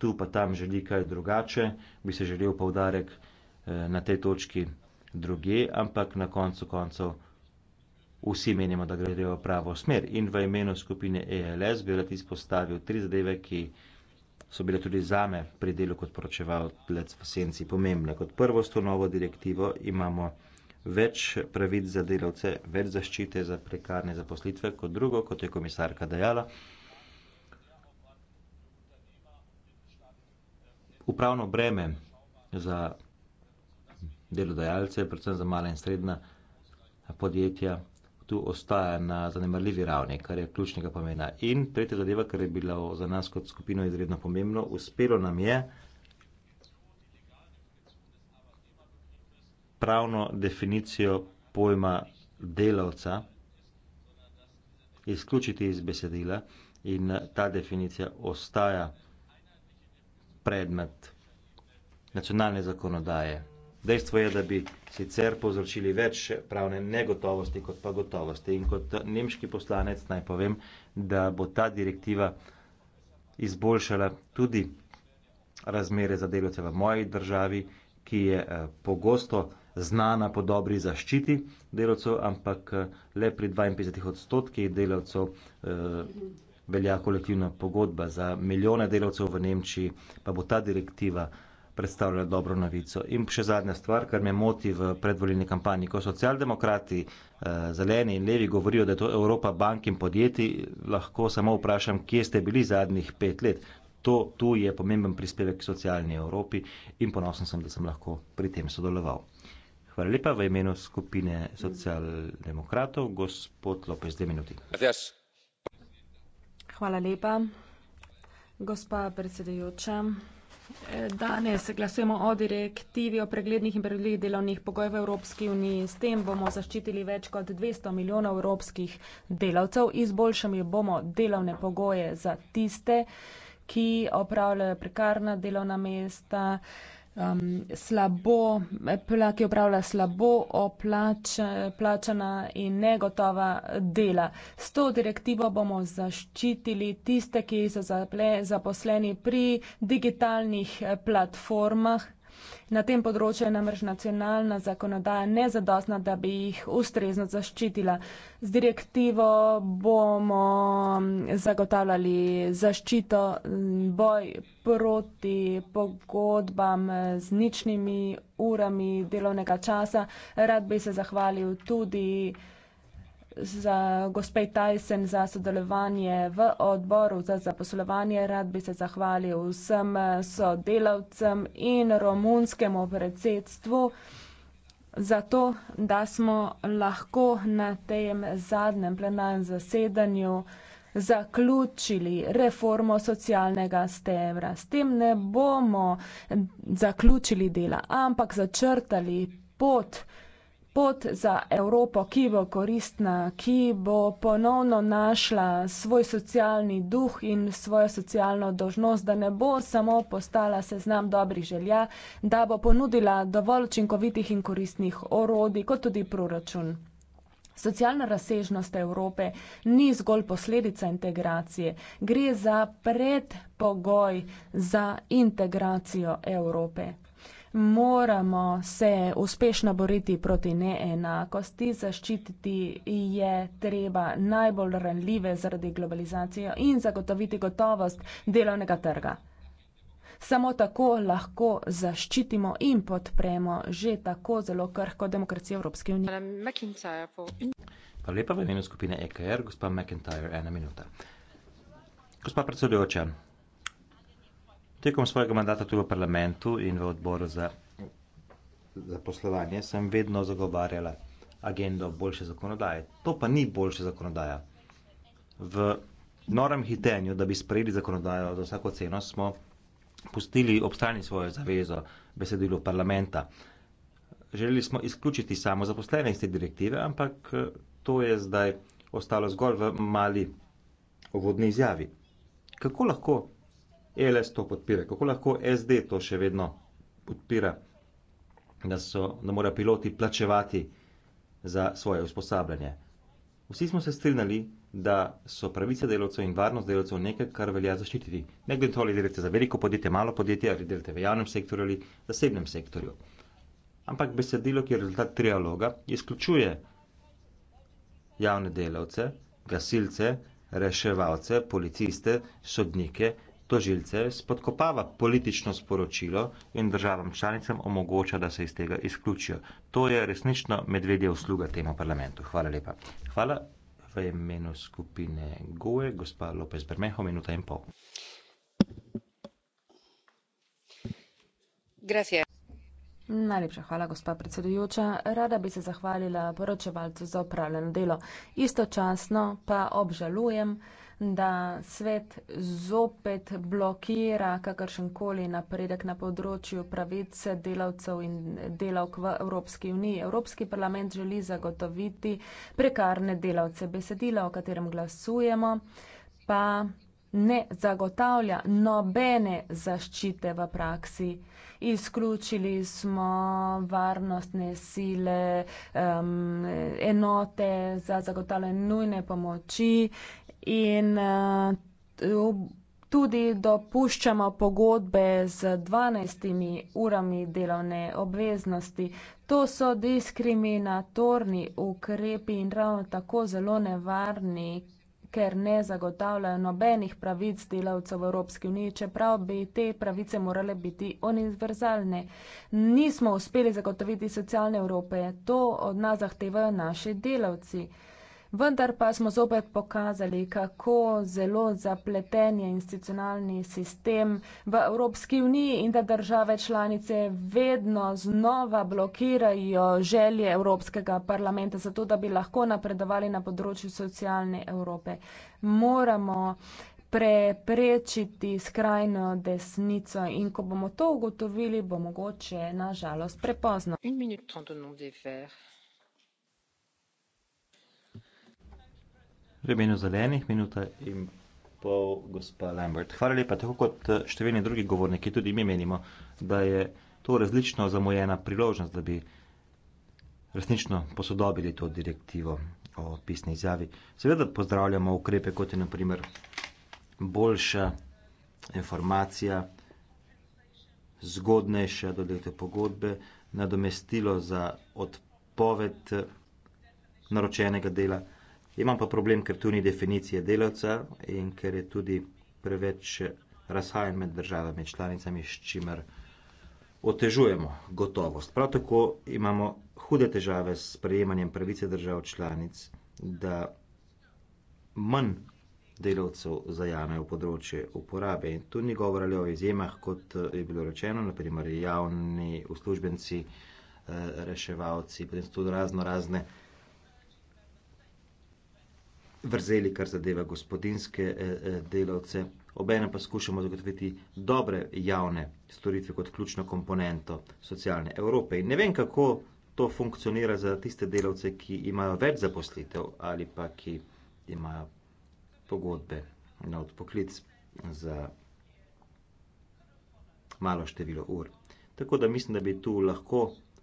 tu pa tam želi kaj drugače, bi se želel povdarek eh, na tej točki druge, ampak na koncu koncev vsi menimo, da gre v pravo smer. In v imenu skupine ELS bi rad izpostavil tri zadeve, ki so bile tudi zame pri delu kot poročevalec v senci pomembne. Kot prvo s to novo direktivo imamo več pravic za delavce, več zaščite za prekarne zaposlitve, kot drugo, kot je komisarka dejala, upravno breme za delodajalce, predvsem za mala in srednja podjetja, tu ostaja na zanemarljivi ravni, kar je ključnega pomena. In tretja zadeva, kar je bilo za nas kot skupino izredno pomembno, uspelo nam je pravno definicijo pojma delavca izključiti iz besedila in ta definicija ostaja predmet nacionalne zakonodaje. Dejstvo je, da bi sicer povzročili več pravne negotovosti kot pa gotovosti. In kot nemški poslanec naj povem, da bo ta direktiva izboljšala tudi razmere za delovce v moji državi, ki je eh, pogosto znana po dobri zaščiti delovcev, ampak eh, le pri 52 odstotkih delovcev. Eh, velja kolektivna pogodba za milijone delavcev v Nemčiji, pa bo ta direktiva predstavljala dobro novico. In še zadnja stvar, kar me moti v predvoljeni kampanji, ko socialdemokrati, eh, zeleni in levi govorijo, da je to Evropa bank in podjetij, lahko samo vprašam, kje ste bili zadnjih pet let. To, tu je pomemben prispevek k socialni Evropi in ponosen sem, da sem lahko pri tem sodeloval. Hvala lepa v imenu skupine socialdemokratov, gospod Lopez, dve minuti. Gracias. Hvala lepa. Gospa predsedujoča, danes glasujemo o direktivi o preglednih in preglednih delovnih pogojev v Evropski uniji. S tem bomo zaščitili več kot 200 milijonov evropskih delavcev. Izboljšali bomo delovne pogoje za tiste, ki opravljajo prekarna delovna mesta, um, slabo, ki upravlja slabo oplač, plačana in negotova dela. S to direktivo bomo zaščitili tiste, ki so zaposleni pri digitalnih platformah, Na tem področju je namreč nacionalna zakonodaja nezadostna, da bi jih ustrezno zaščitila. Z direktivo bomo mm, zagotavljali zaščito mm, boj proti pogodbam z ničnimi urami delovnega časa. Rad bi se zahvalil tudi za gospej Tyson za sodelovanje v odboru za zaposlovanje. Rad bi se zahvalil vsem eh, sodelavcem in romunskemu predsedstvu za to, da smo lahko na tem zadnjem plenarnem zasedanju zaključili reformo socialnega stebra. S tem ne bomo zaključili dela, ampak začrtali pot pot za Evropo, ki bo koristna, ki bo ponovno našla svoj socialni duh in svojo socialno dožnost, da ne bo samo postala seznam dobrih želja, da bo ponudila dovolj učinkovitih in koristnih orodij, kot tudi proračun. Socialna razsežnost Evrope ni zgolj posledica integracije, gre za predpogoj za integracijo Evrope moramo se uspešno boriti proti neenakosti, zaščititi je treba najbolj ranljive zaradi globalizacije in zagotoviti gotovost delovnega trga. Samo tako lahko zaščitimo in podpremo že tako zelo krhko demokracijo Evropske unije. Hvala lepa v imenu skupine EKR, gospa McIntyre, ena minuta. Gospa predsedujoča, Tekom svojega mandata tu v parlamentu in v odboru za, za poslovanje sem vedno zagovarjala agendo boljše zakonodaje. To pa ni boljše zakonodaja. V norem hitenju, da bi sprejeli zakonodajo za vsako ceno, smo pustili ob strani svojo zavezo besedilo parlamenta. Želeli smo izključiti samo zaposlene iz te direktive, ampak to je zdaj ostalo zgolj v mali uvodni izjavi. Kako lahko LS to podpira. Kako lahko SD to še vedno podpira, da, da morajo piloti plačevati za svoje usposabljanje? Vsi smo se strinjali, da so pravice delavcev in varnost delavcev nekaj, kar velja zaščititi. Ne glede na to, ali delate za veliko podjetje, malo podjetje, ali delate v javnem sektorju ali zasebnem sektorju. Ampak besedilo, ki je rezultat trialoga, izključuje javne delavce, gasilce, reševalce, policiste, sodnike, tožilce spodkopava politično sporočilo in državam članicam omogoča, da se iz tega izključijo. To je resnično medvedje usluga temu parlamentu. Hvala lepa. Hvala v imenu skupine GOE, gospa Lopez Bermeho, minuta in pol. Gracias. Najlepša hvala, gospa predsedujoča. Rada bi se zahvalila poročevalcu za upravljeno delo. Istočasno pa obžalujem, da svet zopet blokira kakršen koli napredek na področju pravice delavcev in delavk v Evropski uniji. Evropski parlament želi zagotoviti prekarne delavce. Besedila, o katerem glasujemo, pa ne zagotavlja nobene zaščite v praksi. Izključili smo varnostne sile, um, enote za zagotavljanje nujne pomoči In eh, tudi dopuščamo pogodbe z 12 urami delovne obveznosti. To so diskriminatorni ukrepi in ravno tako zelo nevarni, ker ne zagotavljajo nobenih pravic delavcev v Evropski uniji, čeprav bi te pravice morale biti univerzalne. Nismo uspeli zagotoviti socialne Evrope, to od nas zahtevajo naši delavci. Vendar pa smo zopet pokazali, kako zelo zapleten je institucionalni sistem v Evropski uniji in da države članice vedno znova blokirajo želje Evropskega parlamenta za to, da bi lahko napredovali na področju socialne Evrope. Moramo preprečiti skrajno desnico in ko bomo to ugotovili, bo mogoče na žalost prepozno. premenu zelenih, minuta in pol, gospa Lambert. Hvala lepa, tako kot eh, številni drugi govorniki, tudi mi menimo, da je to različno zamujena priložnost, da bi resnično posodobili to direktivo o pisni izjavi. Seveda pozdravljamo ukrepe, kot je naprimer boljša informacija, zgodnejše dodelitev pogodbe, nadomestilo za odpoved eh, naročenega dela. Imam pa problem, ker tu ni definicije delavca in ker je tudi preveč razhajanj med državami članicami, s čimer otežujemo gotovost. Prav tako imamo hude težave s prejemanjem pravice držav članic, da manj delavcev zajamejo področje uporabe. In tu ni govora le o izjemah, kot eh, je bilo rečeno, naprimer javni uslužbenci, eh, reševalci, potem so tudi razno razne vrzeli, kar zadeva gospodinske eh, eh, delavce. Obene pa skušamo zagotoviti dobre javne storitve kot ključno komponento socialne Evrope. In ne vem, kako to funkcionira za tiste delavce, ki imajo več zaposlitev ali pa ki imajo pogodbe na odpoklic za malo število ur. Tako da mislim, da bi tu lahko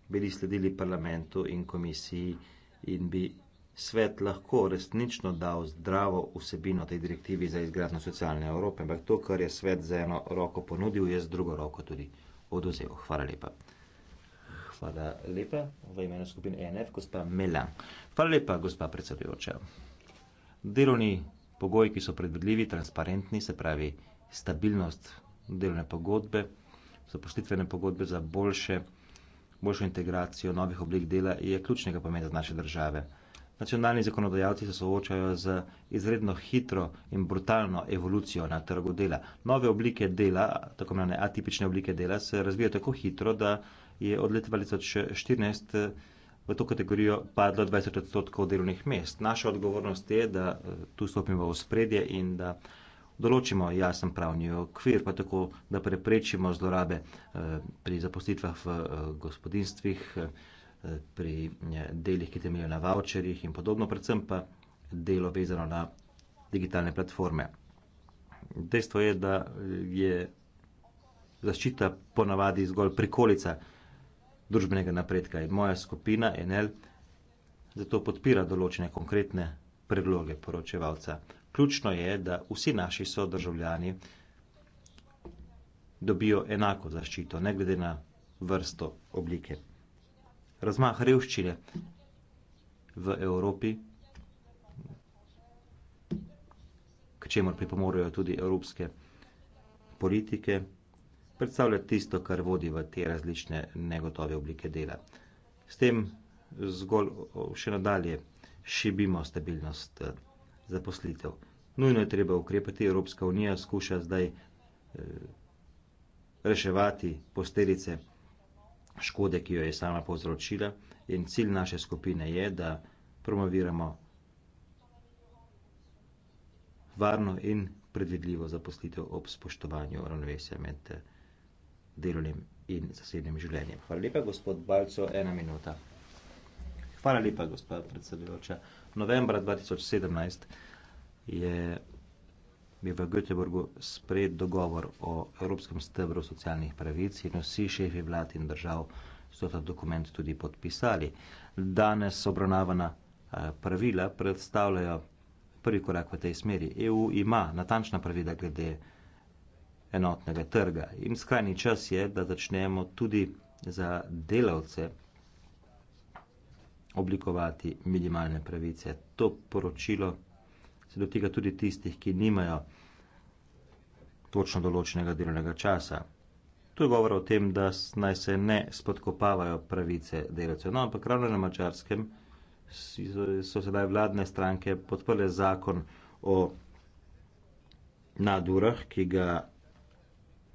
bili sledili parlamentu in komisiji in bi svet lahko resnično dal zdravo vsebino tej direktivi za izgradno socialne Evrope, ampak to, kar je svet z eno roko ponudil, je z drugo roko tudi oduzel. Hvala lepa. Hvala lepa v imenu skupine ENF, gospa Melan. Hvala lepa, gospa predsedujoča. Delovni pogoji, ki so predvidljivi, transparentni, se pravi stabilnost delovne pogodbe, zaposlitvene pogodbe za boljše, boljšo integracijo novih oblik dela je ključnega pomena za naše države. Nacionalni zakonodajalci se soočajo z izredno hitro in brutalno evolucijo na trgu dela. Nove oblike dela, tako imenovane atipične oblike dela, se razvijajo tako hitro, da je od leta 2014 v to kategorijo padlo 20 odstotkov delovnih mest. Naša odgovornost je, da tu stopimo v spredje in da določimo jasen pravni okvir, pa tako, da preprečimo zlorabe eh, pri zaposlitvah v eh, gospodinstvih eh, pri eh, delih, ki temeljijo na voucherjih in podobno, predvsem pa delo vezano na digitalne platforme. Dejstvo je, da eh, je zaščita ponavadi zgolj prikolica družbenega napredka in moja skupina NL zato podpira določene konkretne predloge poročevalca. Ključno je, da vsi naši sodržavljani dobijo enako zaščito, ne glede na vrsto oblike razmah revščine v Evropi, k čemer pripomorajo tudi evropske politike, predstavlja tisto, kar vodi v te različne negotove oblike dela. S tem zgolj še nadalje šibimo stabilnost eh, zaposlitev. Nujno je treba ukrepati, Evropska unija skuša zdaj eh, reševati posterice škode, ki jo je sama povzročila. In cilj naše skupine je, da promoviramo varno in predvidljivo zaposlitev ob spoštovanju ravnovesja med eh, delovnim in zasebnim življenjem. Hvala lepa, gospod Balco, ena minuta. Hvala lepa, gospod predsedujoča. Novembra 2017 je bi v Göteborgu sprejet dogovor o Evropskem stebru socialnih pravic in vsi šefi vlad in držav so ta dokument tudi podpisali. Danes obravnavana eh, pravila predstavljajo prvi korak v tej smeri. EU ima natančna pravila glede enotnega trga in skrajni čas je, da začnemo tudi za delavce oblikovati minimalne pravice. To poročilo См================================См oblikovati minimalne pravice. To poročilo se dotika tudi tistih, ki nimajo točno določenega delovnega časa. Tu je govora o tem, da naj se ne spodkopavajo pravice delavcev. No, ampak ravno na mačarskem so sedaj vladne stranke podprle zakon o nadurah, ki ga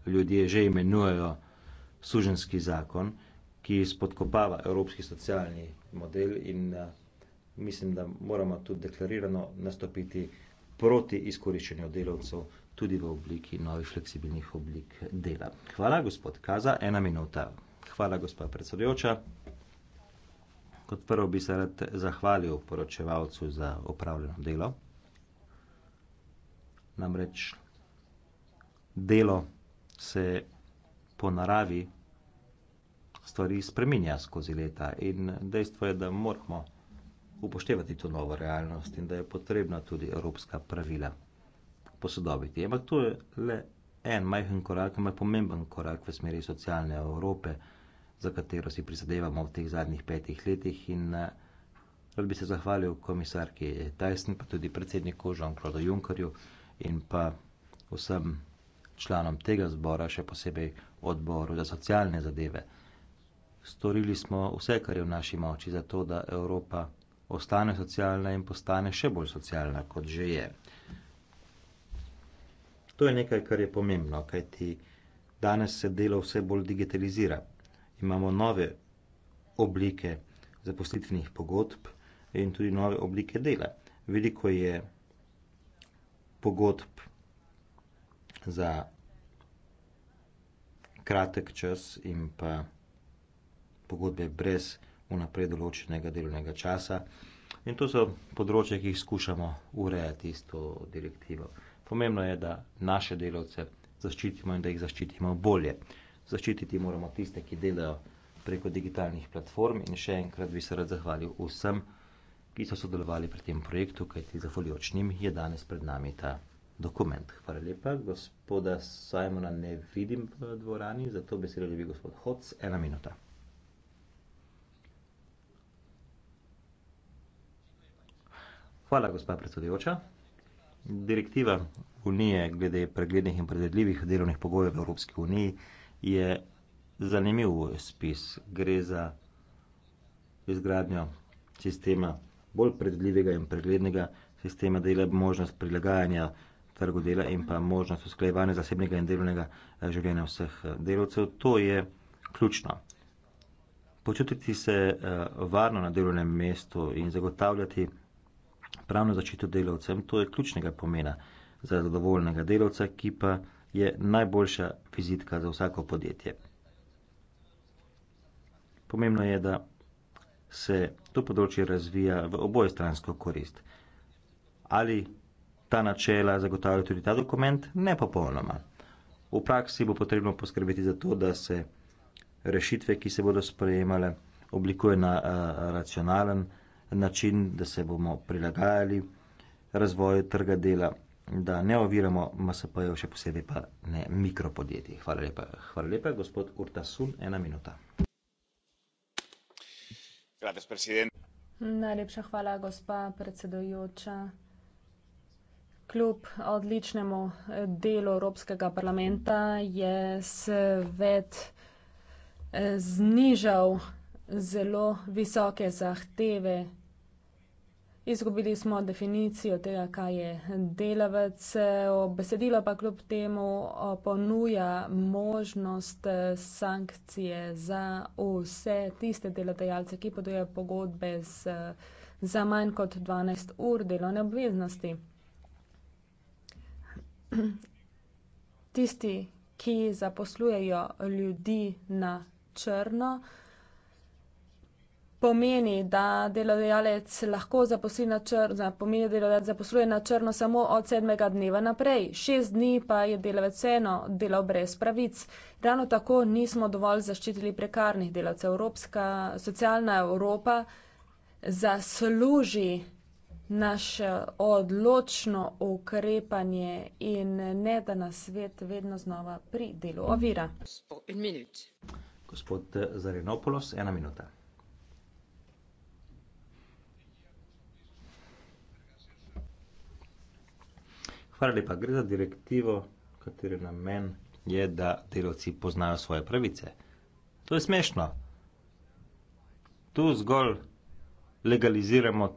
ljudje že imenujejo suženski zakon, ki spodkopava evropski socialni model in uh, mislim, da moramo tudi deklarirano nastopiti proti izkoriščanju delavcev, tudi v obliki novih fleksibilnih oblik dela. Hvala, gospod Kaza, ena minuta. Hvala, gospod predsedujoča. Kot prvo bi se rad zahvalil poročevalcu za opravljeno delo. Namreč delo se po naravi stvari spreminja skozi leta in dejstvo je, da moramo upoštevati to novo realnost in da je potrebna tudi evropska pravila posodobiti. Ampak to je le en majhen korak, ampak pomemben korak v smeri socialne Evrope, za katero si prizadevamo v teh zadnjih petih letih in eh, rad bi se zahvalil komisarki Tyson, pa tudi predsedniku Jean-Claude Junckerju in pa vsem članom tega zbora, še posebej odboru za socialne zadeve. Storili smo vse, kar je v naši moči, zato da Evropa ostane socialna in postane še bolj socialna, kot že je. To je nekaj, kar je pomembno, kajti danes se delo vse bolj digitalizira. Imamo nove oblike zaposlitvenih pogodb in tudi nove oblike dela. Veliko je pogodb za kratek čas in pa pogodbe brez pogodb vnaprej določenega delovnega časa. In to so področje, ki jih skušamo urejati s to direktivo. Pomembno je, da naše delavce zaščitimo in da jih zaščitimo bolje. Zaščititi moramo tiste, ki delajo preko digitalnih platform in še enkrat bi se rad zahvalil vsem, ki so sodelovali pri tem projektu, kajti zahvaljujoč njim je danes pred nami ta dokument. Hvala lepa, gospoda Sajmona ne vidim v dvorani, zato besedo dobi gospod Hoc, ena minuta. Hvala, gospa predsedujoča. Direktiva Unije glede preglednih in predvidljivih delovnih pogojev v Evropski uniji je zanimiv spis. Gre za izgradnjo sistema bolj predvidljivega in preglednega sistema dela, možnost prilagajanja trgu dela in pa možnost usklajevanja zasebnega in delovnega eh, življenja vseh eh, delovcev. To je ključno. Počutiti se eh, varno na delovnem mestu in zagotavljati pravno zaščito delavcem, to je ključnega pomena za zadovoljnega delavca, ki pa je najboljša vizitka za vsako podjetje. Pomembno je, da se to področje razvija v obojestransko korist. Ali ta načela zagotavlja tudi ta dokument? Ne popolnoma. V praksi bo potrebno poskrbeti za to, da se rešitve, ki se bodo sprejemale, oblikuje na a, eh, racionalen način način, da se bomo prilagajali razvoju trga dela, da ne oviramo MSP-jev, še posebej pa ne mikropodjetij. Hvala lepa. Hvala lepa, gospod Urtasun, ena minuta. Najlepša hvala, gospa predsedojoča. Kljub odličnemu delu Evropskega parlamenta je svet eh, znižal zelo visoke zahteve Izgubili smo definicijo tega, kaj je delavec. Besedilo pa kljub temu ponuja možnost sankcije za vse tiste delodajalce, ki podajo pogodbe z, za manj kot 12 ur delovne obveznosti. Tisti, ki zaposlujejo ljudi na črno, pomeni, da delodajalec lahko zaposli na črno, pomeni, da delodajalec zaposluje na črno samo od sedmega dneva naprej. Šest dni pa je delavec vseeno delal brez pravic. Ravno tako nismo dovolj zaščitili prekarnih delavcev. Evropska socialna Evropa zasluži naše odločno ukrepanje in ne da nas svet vedno znova pri delu ovira. Gospod eh, Zarenopoulos, ena minuta. Hvala lepa. Gre za direktivo, katere namen je, da delavci poznajo svoje pravice. To je smešno. Tu zgolj legaliziramo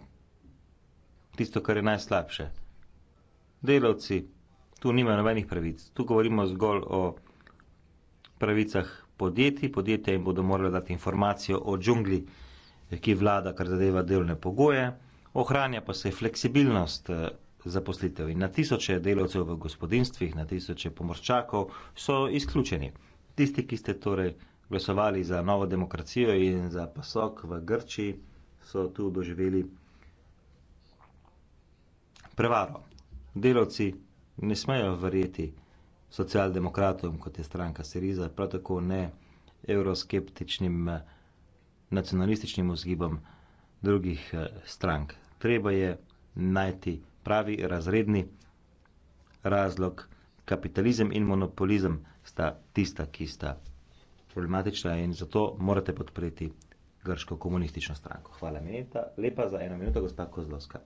tisto, kar je najslabše. Delavci tu nimajo nobenih pravic. Tu govorimo zgolj o pravicah podjetij. Podjetja jim bodo morala dati informacijo o džungli, ki vlada, kar zadeva delne pogoje. Ohranja pa se fleksibilnost eh, zaposlitev. In na tisoče delavcev v gospodinstvih, na tisoče pomorščakov so izključeni. Tisti, ki ste torej glasovali za novo demokracijo in za pasok v Grčiji, so tu doživeli prevaro. Delavci ne smejo verjeti socialdemokratom, kot je stranka Siriza, prav tako ne evroskeptičnim eh, nacionalističnim vzgibom drugih eh, strank. Treba je najti pravi razredni razlog. Kapitalizem in monopolizem sta tista, ki sta problematična in zato morate podpreti grško komunistično stranko. Hvala minuta. Lepa za eno minuto, gospa Kozlovska.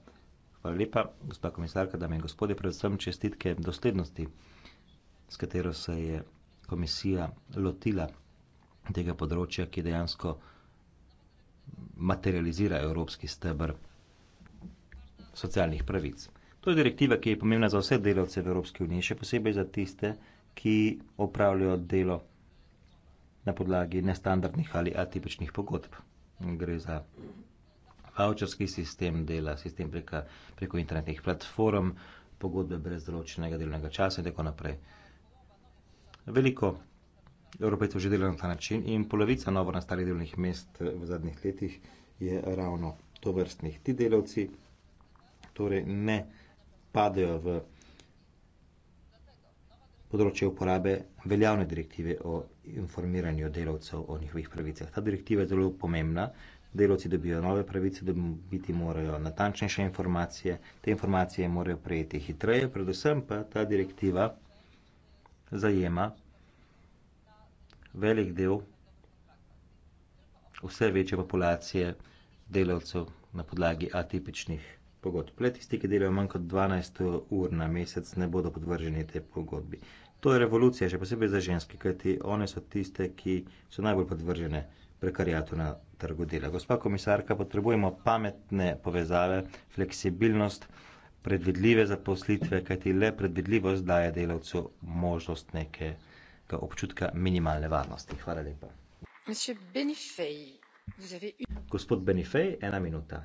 Hvala lepa, gospa komisarka, dame in gospode, predvsem čestitke doslednosti, s katero se je komisija lotila tega področja, ki dejansko materializira evropski stebr socialnih pravic. To je direktiva, ki je pomembna za vse delavce v Evropski uniji, še posebej za tiste, ki opravljajo delo na podlagi nestandardnih ali atipičnih pogodb. Gre za voucherski sistem dela, sistem preka, preko internetnih platform, pogodbe brez določenega delovnega časa in tako naprej. Veliko Evropejcev že dela na ta način in polovica novo nastalih delovnih mest v zadnjih letih je ravno to vrstnih. Ti delavci torej ne padejo v področje uporabe veljavne direktive o informiranju delavcev o njihovih pravicah. Ta direktiva je zelo pomembna, delavci dobijo nove pravice, da biti morajo natančnejše informacije, te informacije morajo prejeti hitreje, predvsem pa ta direktiva zajema velik del vse večje populacije delavcev na podlagi atipičnih pogodb. Le tisti, ki delajo manj kot 12 ur na mesec, ne bodo podvrženi tej pogodbi. To je revolucija, še posebej za ženske, kajti one so tiste, ki so najbolj podvržene prekarijatu na trgu dela. Gospa komisarka, potrebujemo pametne povezave, fleksibilnost, predvidljive zaposlitve, kajti le predvidljivost daje delavcu možnost nekega občutka minimalne varnosti. Hvala lepa. Gospod Benifej, ena minuta.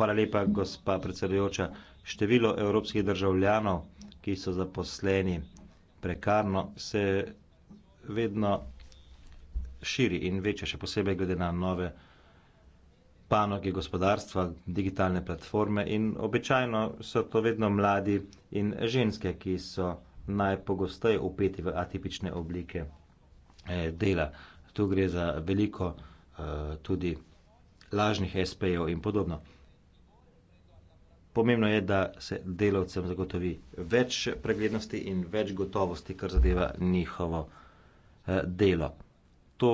Hvala lepa, gospa predsedujoča. Število evropskih državljanov, ki so zaposleni prekarno, se vedno širi in večja, še posebej glede na nove panoge gospodarstva, digitalne platforme in običajno so to vedno mladi in ženske, ki so najpogosteje upeti v atipične oblike eh, dela. Tu gre za veliko eh, tudi lažnih SP-jev in podobno. Pomembno je, da se delavcem zagotovi več preglednosti in več gotovosti, kar zadeva njihovo eh, delo. To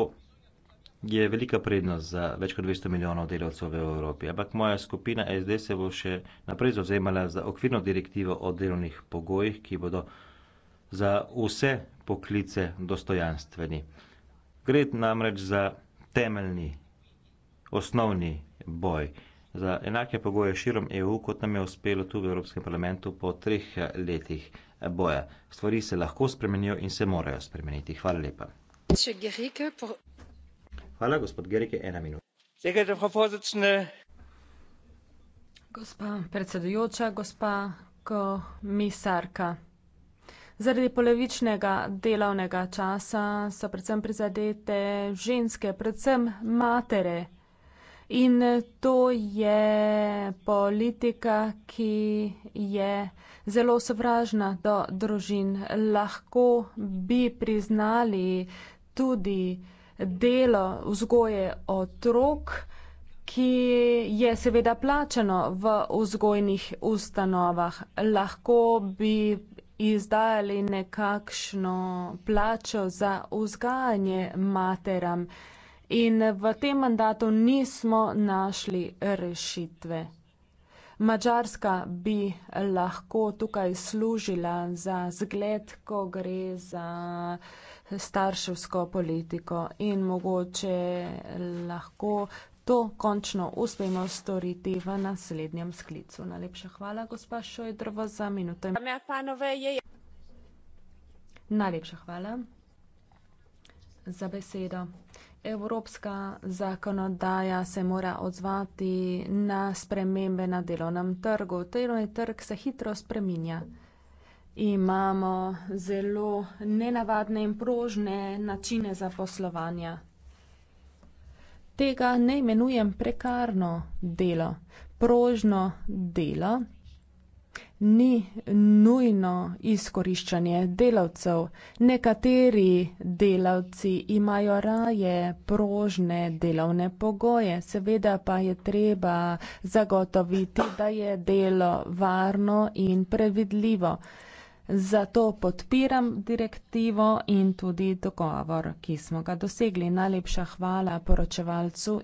je velika prednost za več kot 200 milijonov delavcev v Evropi. Ampak moja skupina SD se bo še naprej zauzemala za okvirno direktivo o delovnih pogojih, ki bodo za vse poklice dostojanstveni. Gre namreč za temeljni, osnovni boj za enake pogoje širom EU, kot nam je uspelo tu v Evropskem parlamentu po treh eh, letih eh, boja. Stvari se lahko spremenijo in se morajo spremeniti. Hvala lepa. Hvala, gospod Gerike, ena minuta. Gospa predsedujoča, gospa komisarka. Zaradi polevičnega delovnega časa so predvsem prizadete ženske, predvsem matere. In eh, to je politika, ki je zelo sovražna do družin. Lahko bi priznali tudi delo vzgoje otrok, ki je seveda plačano v vzgojnih ustanovah. Lahko bi izdajali nekakšno plačo za vzgajanje materam. In v tem mandatu nismo našli rešitve. Mačarska bi lahko tukaj služila za zgled, ko gre za starševsko politiko in mogoče lahko to končno uspemo storiti v naslednjem sklicu. Najlepša hvala, gospa Šojdrova, za minuto. Najlepša hvala za besedo. Evropska zakonodaja se mora odzvati na spremembe na delovnem trgu. Delovni trg se hitro spreminja. Imamo zelo nenavadne in prožne načine za poslovanje. Tega ne imenujem prekarno delo. Prožno delo ni nujno izkoriščanje delavcev. Nekateri delavci imajo raje prožne delovne pogoje, seveda pa je treba zagotoviti, da je delo varno in previdljivo. Zato podpiram direktivo in tudi dogovor, ki smo ga dosegli. Najlepša hvala poročevalcu.